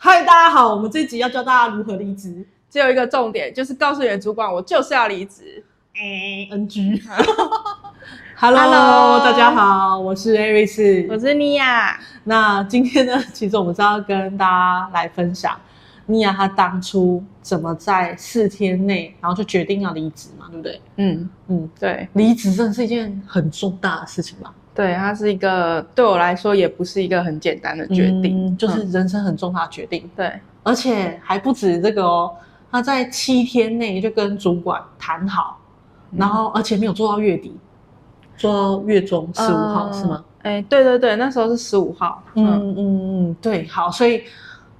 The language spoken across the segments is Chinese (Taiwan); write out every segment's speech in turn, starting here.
嗨，大家好，我們這一集要教大家如何離職。只有一個重點，就是告訴原主管，我就是要離職。欸，NG。 Hello, Hello，大家好，我是 Aries，我是 Nia。那今天呢，其實我們是要跟大家來分享 Nia 她當初怎麼在四天內，然後就決定要離職嘛，對不對？嗯嗯，對，離職真的是一件很重大的事情嘛。對，他是一個對我來說也不是一個很簡單的決定，嗯嗯、就是人生很重大的決定、嗯。對，而且還不止這個哦，他在七天內就跟主管談好，嗯、然後而且沒有做到月底，做到月中十五、嗯、號、嗯、是嗎？哎、欸，對對對，那時候是十五號。嗯嗯嗯，對，好，所以。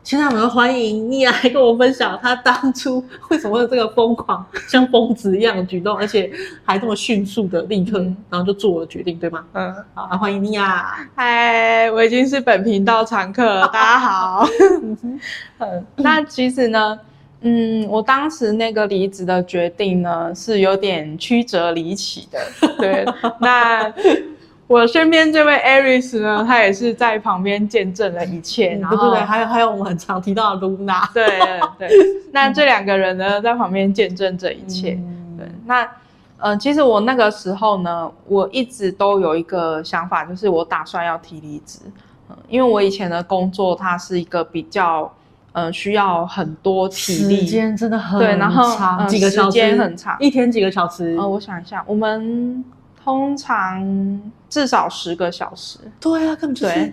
現在我們歡迎妮婭來跟我分享，她當初為什麼會有這個瘋狂像瘋子一樣的 舉動，而且還這麼迅速的立刻、嗯，然後就做了決定，對嗎？嗯，好，歡迎妮婭。嗨，我已經是本頻道常客，大家好。嗯 那其實呢，嗯，我當時那個離職的決定呢，是有點曲折離奇的。 對，那。 我身邊這位 Aris 呢，他也是在旁邊見證了一切，嗯、然後還有還有我們很常提到的露娜，對對。 那這兩個人呢，在旁邊見證這一切。嗯、對，那嗯、呃，其實我那個時候呢，我一直都有一個想法，就是我打算要提離職，因為我以前的工作它是一個比較呃需要很多體力，時間真的很長，對然後呃、幾個小時，時間很長，一天幾個小時。哦、呃、我想一下，我們通常。至少十個小時，對啊，更久哎，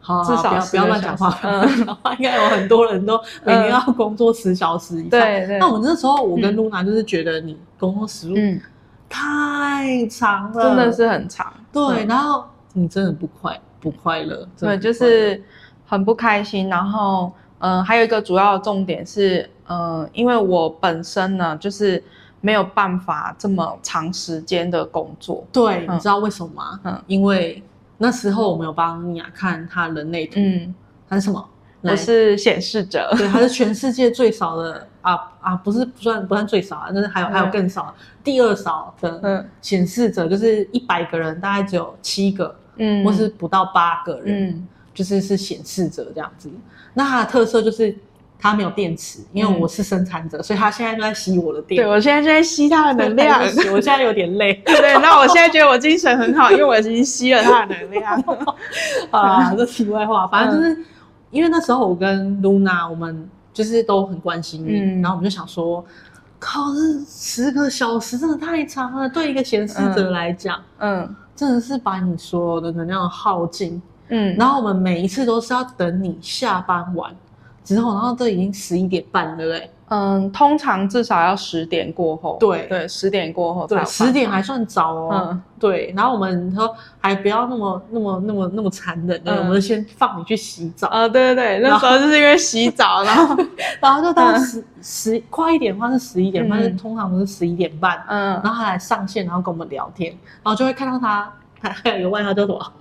好，好，好，至少不要亂講話。嗯，應該有很多人都每天要工作十小時以上、嗯。對，對，那我那時候，我跟露娜就是覺得你工作時數、嗯、太長了，真的是很長。對，對然後你真的很不快不快樂，很快樂，對，就是很不開心。然後，嗯、呃，還有一個主要的重點是，嗯、呃，因為我本身呢，就是。沒有辦法這麼長時間的工作。對，嗯、你知道為什麼嗎？嗯、因為那時候我們有幫 Nia 看他的人類圖，嗯，他是什麼？他是顯示者。對，他是全世界最少的 啊啊，不是不算不算最少、啊，就是還有、嗯、還有更少，第二少的顯示者，就是一百個人、嗯、大概只有七個，嗯，或是不到八個人、嗯，就是是顯示者這樣子。那他的特色就是。他沒有電池，因為我是生產者，嗯、所以他現在都在吸我的電。對，我現在就在吸他的能量。 我現在有點累， 對，那我現在覺得我精神很好， 因為我已經吸了他的能量。啊 好啦，這說題外話，反正就是因為那時候我跟 Luna，我們就是都很關心你，嗯，然後我們就想說，靠，這十個小時真的太長了，對一個顯示者來講，嗯，嗯，真的是把你所有的能量耗盡。嗯，然後我們每一次都是要等你下班完，之後，然後都已經十一點半，對不對？嗯，通常至少要十點過後。對對，十點過後才。啊、十點還算早哦。嗯，對。然後我們說還不要那麼那麼那麼那麼殘忍，嗯欸、我們就先放你去洗澡。啊、嗯哦，對對對，那時候就是因為洗澡，然後， 然，後然後就到十十、嗯、快一點的話是十一點，半、嗯，但是通常都是十一點半。嗯。然後他來上線，然後跟我們聊天，然後就會看到他還有一個外號叫做什麼？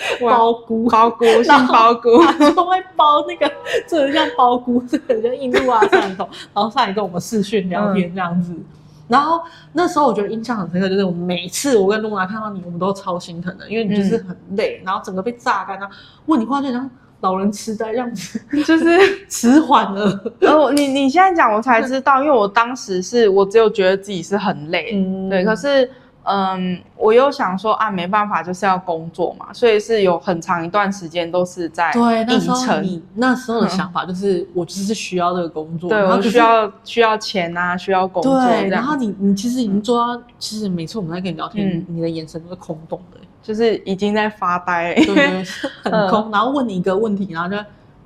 包，包，包菇，包菇，像包菇，就會包那個，做的像包菇，真的很像印度啊汕頭。 然後上來跟我們視訊聊天這樣子，嗯、然後那時候我覺得印象很深刻，就是我每次我跟露娜看到你，我們都超心疼的，因為你就是很累，嗯，然後整個被榨乾啊。問你話就像老人痴呆這樣子， 就是遲緩了。然後你你現在講我才知道，嗯，因為我當時是我只有覺得自己是很累，嗯，對，可是。嗯，我又想說啊，沒辦法，就是要工作嘛，所以是有很長一段時間都是在。對，那時候你那時候的想法就是、嗯，我就是需要這個工作，對然後、就是、我需要需要錢啊，需要工作。對，然後你你其實已經做到、嗯，其實每次我們在跟你聊天，嗯、你的眼神都是空洞的、欸，就是已經在發呆、欸對，很空、嗯。然後問你一個問題，然後就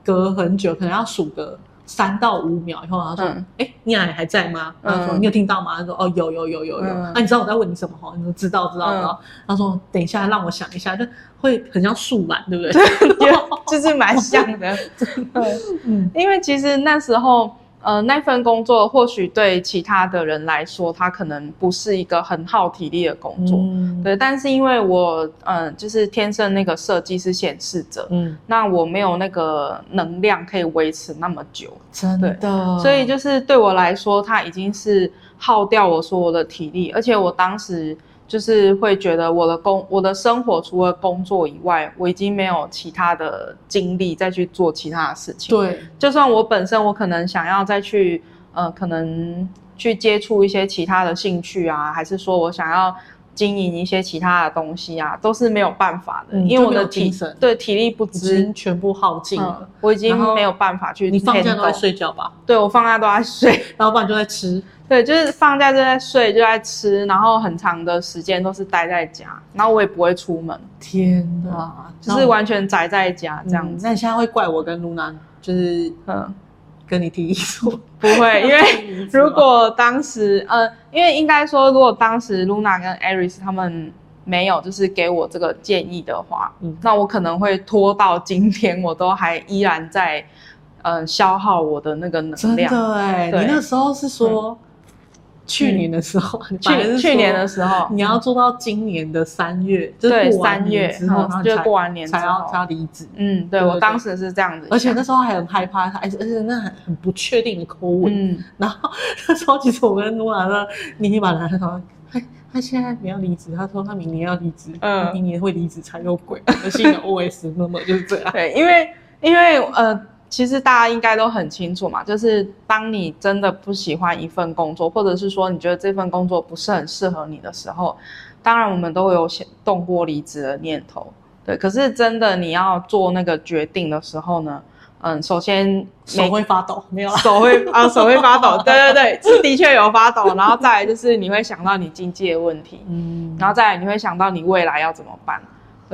隔很久，可能要數個。三到五秒以後，他說：“哎、嗯欸，你倆、啊、還在嗎？”他說、嗯：“你有聽到嗎？”他說：“哦，有有有有有。有”那、嗯啊、你知道我在問你什麼吼？你說知道知道知道、嗯、他說：“等一下，讓我想一下。”這會很像樹懶對不對？對，就是蠻像的， 真的對。嗯，因為其實那時候。呃，那份工作或許對其他的人來說，它可能不是一個很耗體力的工作，嗯，對。但是因為我，嗯，呃，就是天生那個設計是顯示者，嗯，那我沒有那個能量可以維持那麼久，嗯對，真的。所以就是對我來說，它已經是耗掉我所有的體力，而且我當時。就是會覺得我的工，我的生活除了工作以外，我已經沒有其他的精力再去做其他的事情。對，就算我本身，我可能想要再去，呃，可能去接觸一些其他的興趣啊，還是說我想要。經營一些其他的東西啊，都是沒有辦法的，嗯、因為我的體精神，對體力不支，全部耗盡了，嗯，我已經沒有辦法去。你放假都在睡覺吧？對，我放假都在睡，老闆就在吃。對，就是放假就在睡，就在吃，然後很長的時間都是待在家，然後我也不會出門。天吶、嗯、就是完全宅在家這樣子，嗯。那你現在會怪我跟露娜？就是嗯。跟你提議說，不會，因為如果當時，呃，因為應該說，如果當時露娜跟艾瑞斯他們沒有就是給我這個建議的話，嗯、那我可能會拖到今天，我都還依然在，嗯、呃、消耗我的那個能量。真的欸、對，你那時候是說、嗯。去年的時候，去、嗯、年去年的時候，你要做到今年的三月，嗯、就是過完年之後，然後就過完年才，才要才要離職。嗯，對，對，對，對我當時是這樣子，而且那時候還很害怕他，而、欸、且而且那很，很不確定的口吻。嗯，然後那時候其實我跟 Nia 說：“你你把他說，他他現在沒有離職，他說他明年要離職，嗯，明年會離職才有鬼。”我信的 OS 默默就是這樣。對，因為因為呃。其實大家應該都很清楚嘛，就是當你真的不喜歡一份工作，或者是說你覺得這份工作不是很適合你的時候，當然我們都有想動過離職的念頭。對，可是真的你要做那個決定的時候呢，嗯，首先手會發抖，沒有啊，手會啊，手會發抖，對對對， 是的確有發抖。然後再來就是你會想到你經濟的問題，嗯，然後再來你會想到你未來要怎麼辦。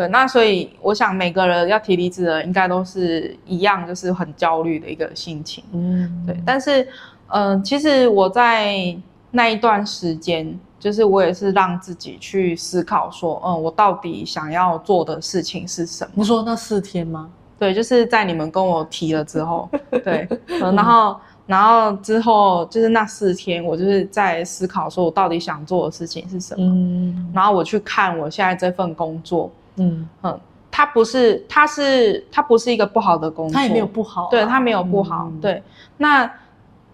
對，那所以我想，每個人要提離職的應該都是一樣，就是很焦慮的一個心情。嗯，對。但是，嗯、呃，其實我在那一段時間，就是我也是讓自己去思考說，嗯、呃，我到底想要做的事情是什麼？你說那四天嗎？對，就是在你們跟我提了之後， 對、呃。然後，然後之後就是那四天，我就是在思考說我到底想做的事情是什麼。嗯。然後我去看我現在這份工作。嗯嗯，他不是，他是他不是一個不好的工作，他也沒有不好，對，他沒有不好，嗯、對。那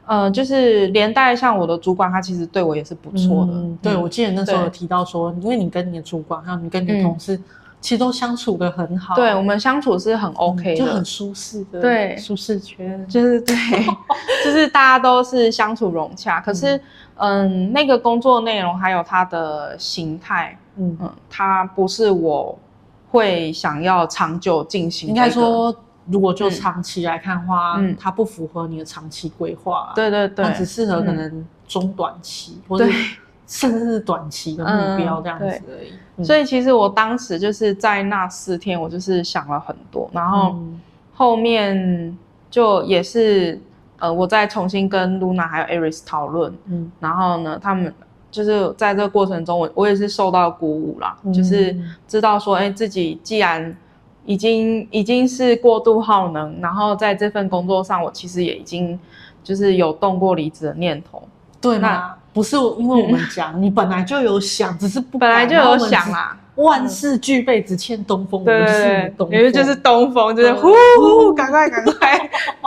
呃，就是連帶像我的主管，他其實對我也是不錯的、嗯。對，我記得那時候有提到說，因為你跟你的主管還有你跟你的同事、嗯，其實都相處得很好、欸。對，我們相處是很 OK，、嗯、就很舒適的，對，舒適圈，就是對， 就是大家都是相處融洽。可是，嗯，嗯嗯那個工作內容還有它的形態，嗯嗯，它不是我。會想要長久進行、那個，應該說，如果就長期來看的話，嗯、它不符合你的長期規劃、啊嗯。對對對，只適合可能中短期，嗯、或者甚至是短期的目標這樣子而已、嗯嗯。所以其實我當時就是在那四天，我就是想了很多，嗯、然後後面就也是呃，我再重新跟 Luna 還有 Iris 討論、嗯，然後呢，他們。就是在這個過程中我，我我也是受到鼓舞啦，嗯、就是知道說，哎、欸，自己既然已經已經是過度耗能，然後在這份工作上，我其實也已經就是有動過離職的念頭。對，那不是因為我們講，嗯、你本來就有想，只是不管本來就有，有想啦、啊。萬事俱備，只欠東風。不是也就是東風，就是呼呼，趕快趕快。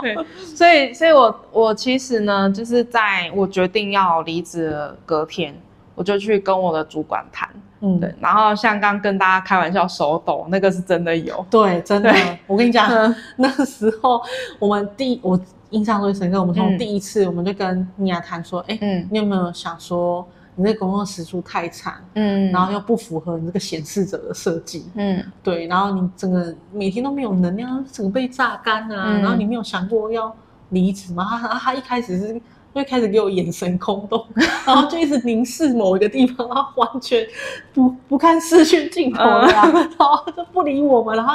對，所 以所以，所以我我其實呢，就是在我決定要離職了隔天，我就去跟我的主管談。嗯，對。然後像剛跟大家開玩笑手抖，那個是真的有。對，對真的。我跟你講、嗯，那個時候我們第一我印象最深刻，我們從第一次我們就跟妮亞談說，哎、嗯，嗯、欸，你有沒有想說？你那工作時數太長，嗯，然後又不符合你這個顯示者的設計，嗯，對，然後你整個每天都沒有能量，整個被榨乾啊，嗯、然後你沒有想過要離職嗎？他一開始是，會開始給我眼神空洞， 然後就一直凝視某一個地方，他完全不不看視訊鏡頭的、啊嗯，然後就不理我們，然後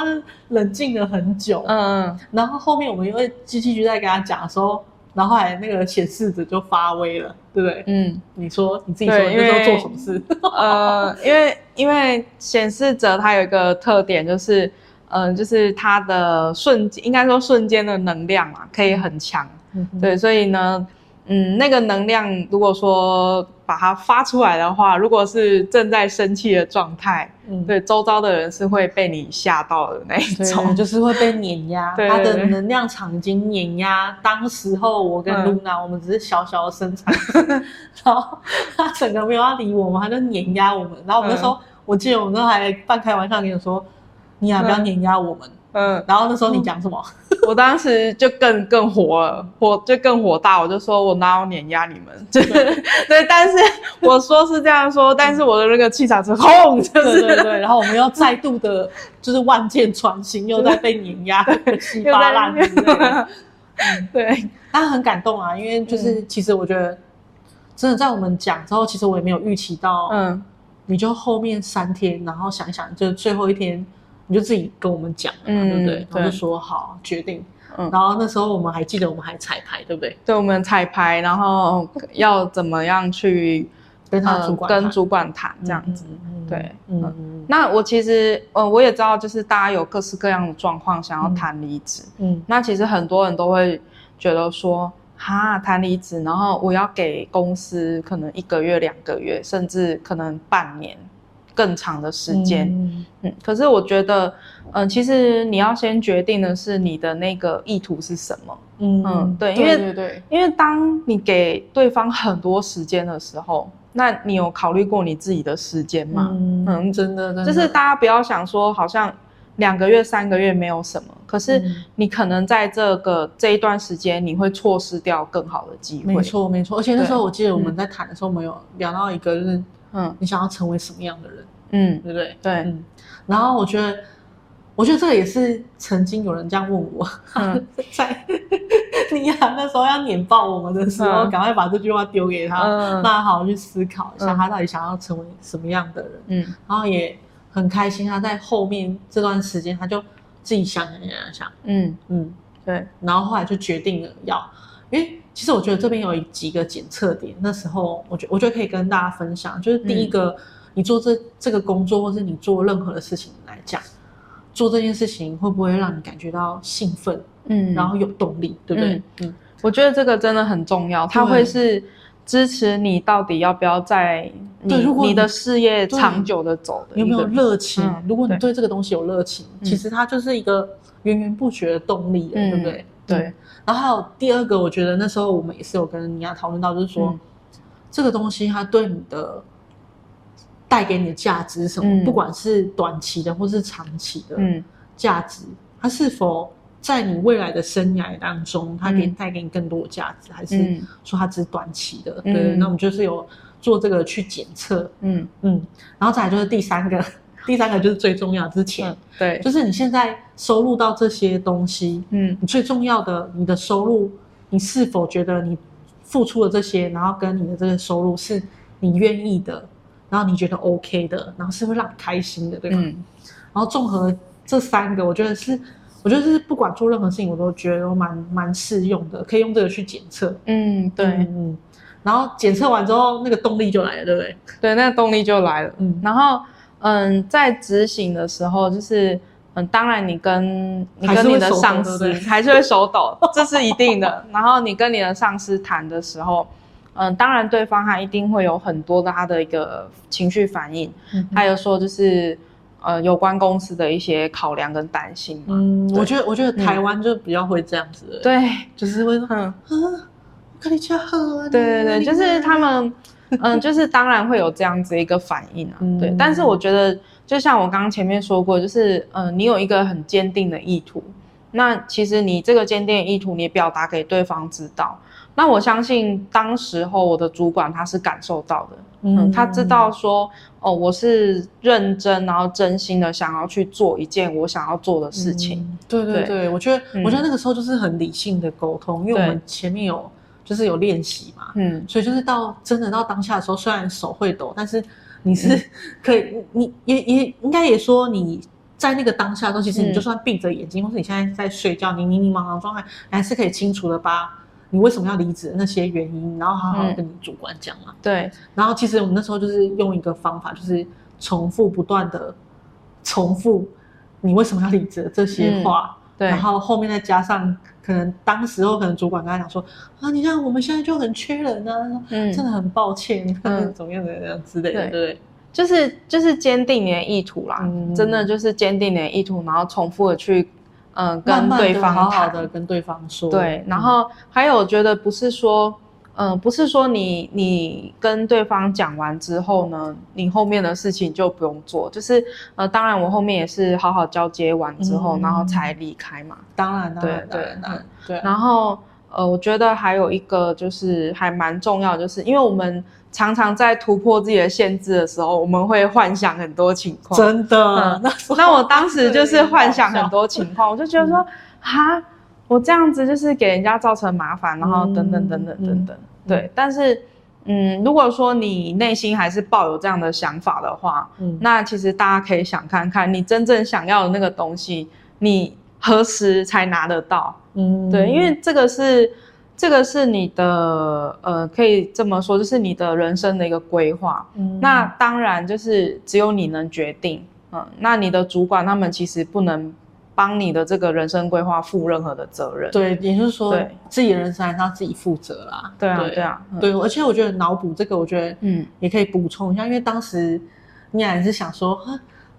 冷靜了很久，嗯，然後後面我們又會繼續再跟他講說。然後後來那個顯示者就發威了，對不對？嗯，你說你自己說那時候做什麼事？ 呃，因為因為顯示者他有一個特點、就是呃，就是嗯，就是他的瞬應該說瞬間的能量嘛、啊，可以很強、嗯哼，對，所以呢。嗯，那個能量，如果說把它發出來的話，如果是正在生氣的狀態，嗯、對，周遭的人是會被你嚇到的那一種，就是會被碾壓，他的能量場經碾壓。當時候我跟 Luna、嗯、我們只是小小的身材呵呵、嗯，然後他整個沒有要理我們，他就碾壓我們。然後我們就說、嗯，我記得我們還半開玩笑跟你說：“你倆不要碾壓我們。嗯”嗯，然後那時候你講什麼？嗯我當時就更更火了，火就更火大，我就說，我哪有碾壓你們？對， 對，但是我說是這樣說，但是我的那個氣場是轟、嗯，就是對對對。然後我們又再度的、嗯、就是萬箭穿心，又在被碾壓，稀巴爛。對，很感動啊，因為就是、嗯、其實我覺得真的在我們講之後，其實我也沒有預期到，嗯，你就後面三天，然後想一想，就最後一天。你就自己跟我們講、嗯，對不對？我們就說好決定、嗯，然後那時候我們還記得我們還彩排，對不對？對，我們彩排，然後要怎麼樣去跟、 呃、跟主管談、嗯嗯、這樣子。嗯、對嗯嗯，嗯，那我其實呃我也知道，就是大家有各式各樣的狀況想要談離職嗯。嗯，那其實很多人都會覺得說，哈，談離職，然後我要給公司可能一個月、兩個月，甚至可能半年。更長的時間嗯，嗯，可是我覺得，嗯、呃，其實你要先決定的是你的那個意圖是什麼，嗯嗯，對，因為，對對對，因為當你給對方很多時間的時候，那你有考慮過你自己的時間嗎？嗯，嗯，真的真的，就是大家不要想說好像兩個月、三個月沒有什麼，可是你可能在這個、嗯、這一段時間，你會錯失掉更好的機會。沒錯，沒錯。而且那時候我記得我們在談的時候沒有，對、嗯、聊到一個就是。嗯，你想要成為什麼樣的人？嗯，對不對？對，嗯。然後我覺得，嗯、我覺得這個也是曾經有人這樣問我，嗯、 在你喊那時候要碾爆我們的時候，趕快把這句話丟給他，讓、嗯、他好好去思考一下，他到底想要成為什麼樣的人。嗯，然後也很開心，他在後面這段時間，他就自己想想想，嗯嗯，對。然後後來就決定了要，誒。其實我覺得這邊有幾個檢測點，那時候我覺我覺得可以跟大家分享，就是第一個，嗯、你做這這個工作，或是你做任何的事情來講，做這件事情會不會讓你感覺到興奮，嗯，然後有動力，嗯、對不對？嗯，我覺得這個真的很重要，它會是支持你到底要不要在你對如果，你的事業長久的走的，有沒有熱情、嗯？如果你對這個東西有熱情，其實它就是一個源源不絕的動力、嗯，對不對？嗯對，然後還有第二個，我覺得那時候我們也是有跟尼亞、啊、討論到，就是說、嗯、這個東西它對你的帶給你的價值是什麼、嗯，不管是短期的或是長期的，嗯，價值它是否在你未來的生涯當中，它可以帶給你更多的價值、嗯，還是說它只是短期的、嗯？對，那我們就是有做這個去檢測，嗯嗯，然後再來就是第三個。第三個就是最重要，之前、嗯、對，就是你現在收入到這些東西，嗯，你最重要的你的收入，你是否覺得你付出的這些，然後跟你的這個收入是你願意的，然後你覺得 OK 的，然後是會讓你開心的，對吧？嗯，然後綜合這三個，我覺得是，我覺得是不管做任何事情，我都覺得我蠻蠻適用的，可以用這個去檢測。嗯，對，嗯，然後檢測完之後，那個動力就來了，對不對？對，那個動力就來了。嗯，然後。嗯，在執行的時候，就是嗯，當然你跟你跟你的上司還是會手抖， 抖，這是一定的。 然後你跟你的上司談的時候，嗯，當然對方他一定會有很多的他的一個情緒反應、嗯，還有說就是呃、嗯，有關公司的一些考量跟擔心嘛嗯。嗯，我覺得我覺得台灣就比較會這樣子、欸，對，就是會說嗯、啊，我跟你去喝、啊。對對對，就是他們。 嗯，就是當然會有這樣子一個反應啊，對。嗯、但是我覺得，就像我剛剛前面說過，就是嗯、呃，你有一個很堅定的意圖，那其實你這個堅定的意圖，你也表達給對方知道。那我相信當時候我的主管他是感受到的，嗯，嗯，他知道說哦，我是認真然後真心的想要去做一件我想要做的事情。嗯、對對對，對，對，我覺得、嗯、我覺得那個時候就是很理性的溝通，因為我們前面有。就是有練習嘛，嗯，所以就是到真的到當下的時候，雖然手會抖，但是你是可以，嗯、你也也應該也說你在那個當下的時候，其實你就算閉着眼睛，嗯、或者你現在在睡覺，你你你迷迷茫茫狀態，還是可以清楚的把你為什麼要離職的那些原因，然後好好跟你主管講嘛、嗯。對，然後其實我們那時候就是用一個方法，就是重複不斷的重複你為什麼要離職這些話。嗯對，然後後面再加上，可能當時候可能主管跟他講說啊，你看我們現在就很缺人啊，嗯、真的很抱歉，嗯、呵呵怎麼樣怎麼樣之類的，對，對對就是就是堅定你的意圖啦、嗯，真的就是堅定你的意圖，然後重複的去嗯、呃、跟對方慢慢，好好的跟對方說，對，嗯、然後還有我覺得不是說。嗯、呃，不是說你你跟對方講完之後呢，你後面的事情就不用做，就是呃，當然我後面也是好好交接完之後，嗯、然後才離開嘛。嗯、當然，對當然對、嗯嗯、對對、嗯。然後呃，我覺得還有一個就是還蠻重要，就是因為我們常常在突破自己的限制的時候，我們會幻想很多情況。真的，嗯、那、那、那我當時就是幻想很多情況， 嗯、 我就覺得說啊。哈我這樣子就是給人家造成麻煩，然後等等等等等等、嗯嗯嗯，對。但是，嗯，如果說你內心還是抱有這樣的想法的話，嗯、那其實大家可以想看看，你真正想要的那個東西，你何時才拿得到？嗯，對，因為這個是，這個是你的，呃，可以這麼說，就是你的人生的一個規劃、嗯。那當然就是只有你能決定，嗯、呃，那你的主管他們其實不能。幫你的這個人生規劃負任何的責任？對，也就是說，自己人生還是要自己負責啦。對啊，對啊，對、啊、嗯對。而且我覺得腦補這個，我覺得嗯，也可以補充一下、嗯，因為當時你還是想說，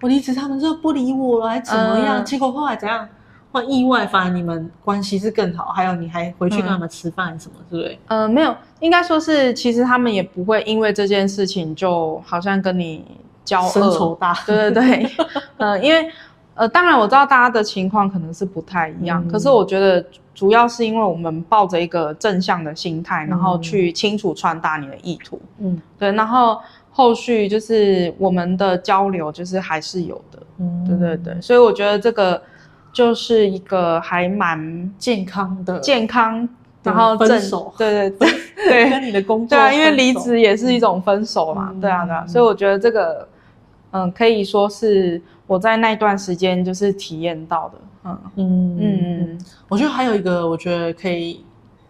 我離職他們就不理我、了，還怎麼樣、呃？結果後來怎樣？或意外，反而你們關係是更好。嗯、還有，你還回去跟他們吃飯什麼，對不對？呃、嗯嗯，沒有，應該說是，其實他們也不會因為這件事情，就好像跟你交深仇大。對對對，嗯、 呃，因為。呃，當然我知道大家的情況可能是不太一樣、嗯，可是我覺得主要是因為我們抱着一個正向的心態、嗯，然後去清楚傳達你的意圖，嗯，對，然後後續就是我們的交流就是還是有的，嗯，對對對，所以我覺得這個就是一個還蠻健康的，健康，嗯、然後正，分手對對對 對，跟你的工作，對啊，因為離職也是一種分手嘛，嗯嗯、對啊對啊，所以我覺得這個，嗯，可以說是。我在那段時間就是體驗到的，嗯嗯嗯，我覺得還有一個，我覺得可以，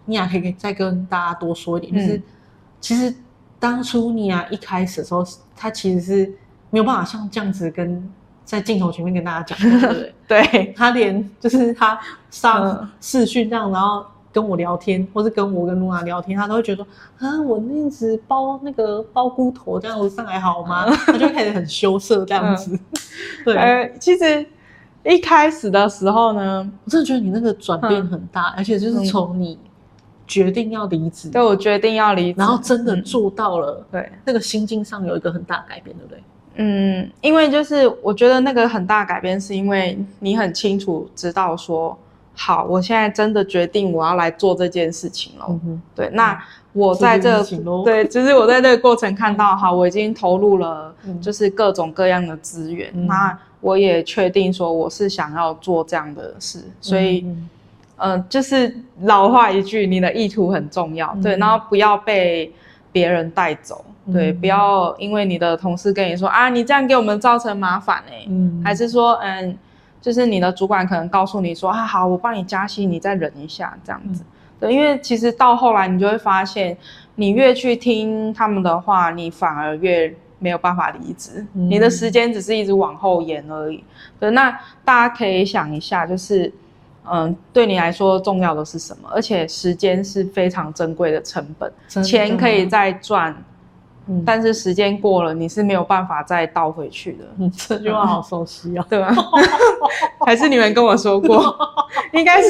妮婭可以再跟大家多說一點，嗯、就是其實當初妮婭一開始的時候，她其實是沒有辦法像這樣子跟在鏡頭前面跟大家講的， 對，她連就是她上視訊這樣，嗯、然後。跟我聊天，或是跟我跟露娜聊天，他都會覺得說啊，我那只包那個包菇頭這樣子上來好嗎？ 他就會開始很羞澀這樣子。嗯、對、呃，其實一開始的時候呢，我真的覺得你那個轉變很大，嗯、而且就是從你決定要離職，嗯、對我決定要離職，然後真的做到了、嗯，對，那個心境上有一個很大改變，對不對？嗯，因為就是我覺得那個很大改變是因為你很清楚知道說。好，我現在真的決定我要來做這件事情了，嗯。對、嗯，那我在這，對，對，其、就是我在這個過程看到哈，我已經投入了，就是各種各樣的資源，嗯。那我也確定說我是想要做這樣的事，所以，嗯、呃，就是老話一句，你的意圖很重要，對，嗯、然後不要被別人帶走，對，嗯、不要因為你的同事跟你說啊，你這樣給我們造成麻煩哎、欸，嗯，還是說，嗯。就是你的主管可能告訴你說啊，好，我幫你加薪，你再忍一下這樣子，對，因為其實到後來你就會發現，你越去聽他們的話，你反而越沒有辦法離職，嗯、你的時間只是一直往後延而已。對，那大家可以想一下，就是，嗯、呃，對你來說重要的是什麼？而且時間是非常珍貴的成本，錢可以再賺。但是時間過了，你是沒有辦法再倒回去的。這句話好熟悉哦，對吧？還是你們跟我說過？ 應該該是，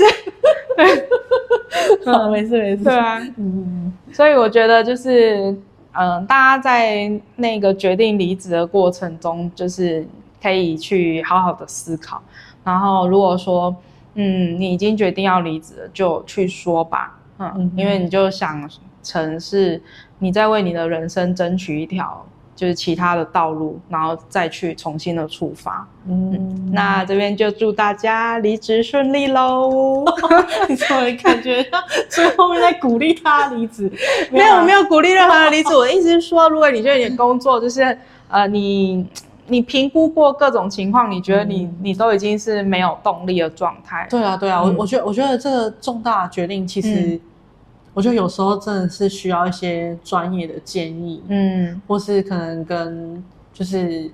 對、啊，沒事沒事。對啊，嗯，嗯，所以我覺得就是，嗯、呃，大家在那個決定離職的過程中，就是可以去好好的思考。然後如果說，嗯，你已經決定要離職了，就去說吧，嗯，嗯嗯因為你就想。城市，你在為你的人生爭取一條就是其他的道路，然後再去重新的出發。嗯，那這邊就祝大家離職順利嘍！ 你怎麼感覺 最後面在鼓勵他離職？ 沒有，沒有鼓勵任何的離職。 我的意思是說，如果你覺得你工作就是呃，你你評估過各種情況，你覺得你、嗯、你都已經是沒有動力的狀態。對啊，對啊，嗯、我我覺得我覺得這個重大決定其實、嗯。我覺得有時候真的是需要一些專業的建議，嗯，或是可能跟就是，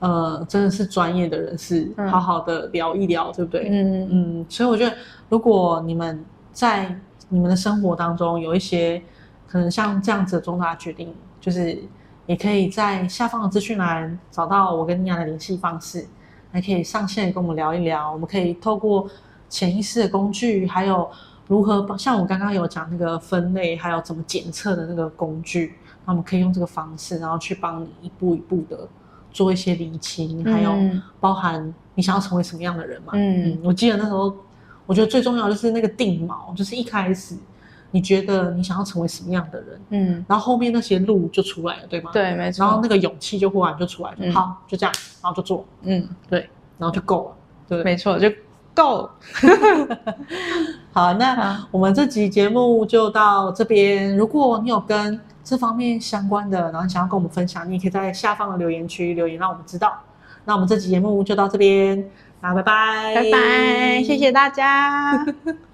呃，真的是專業的人士、嗯、好好的聊一聊，對不對？嗯嗯。所以我覺得，如果你們在你們的生活當中有一些可能像這樣子的重大決定，就是也可以在下方的資訊欄找到我跟妮亞的聯繫方式，還可以上線跟我們聊一聊，我們可以透過潛意識的工具，還有。如何幫？像我剛剛有講那個分類，還有怎麼檢測的那個工具，那我們可以用這個方式，然後去幫你一步一步的做一些釐清，嗯，還有包含你想要成為什麼樣的人嘛？嗯，嗯，我記得那時候，我覺得最重要就是那個定錨，就是一開始你覺得你想要成為什麼樣的人，嗯，然後後面那些路就出來了，對嗎？對，對沒錯。然後那個勇氣就忽然就出來了，嗯，好，就這樣，然後就做，嗯，對，然後就夠了，對，對，沒錯，就。夠 好，那我們這集節目就到這邊。如果你有跟這方面相關的，然後想要跟我們分享，你也可以在下方的留言區留言，讓我們知道。那我們這集節目就到這邊，那拜拜，拜拜，謝謝大家。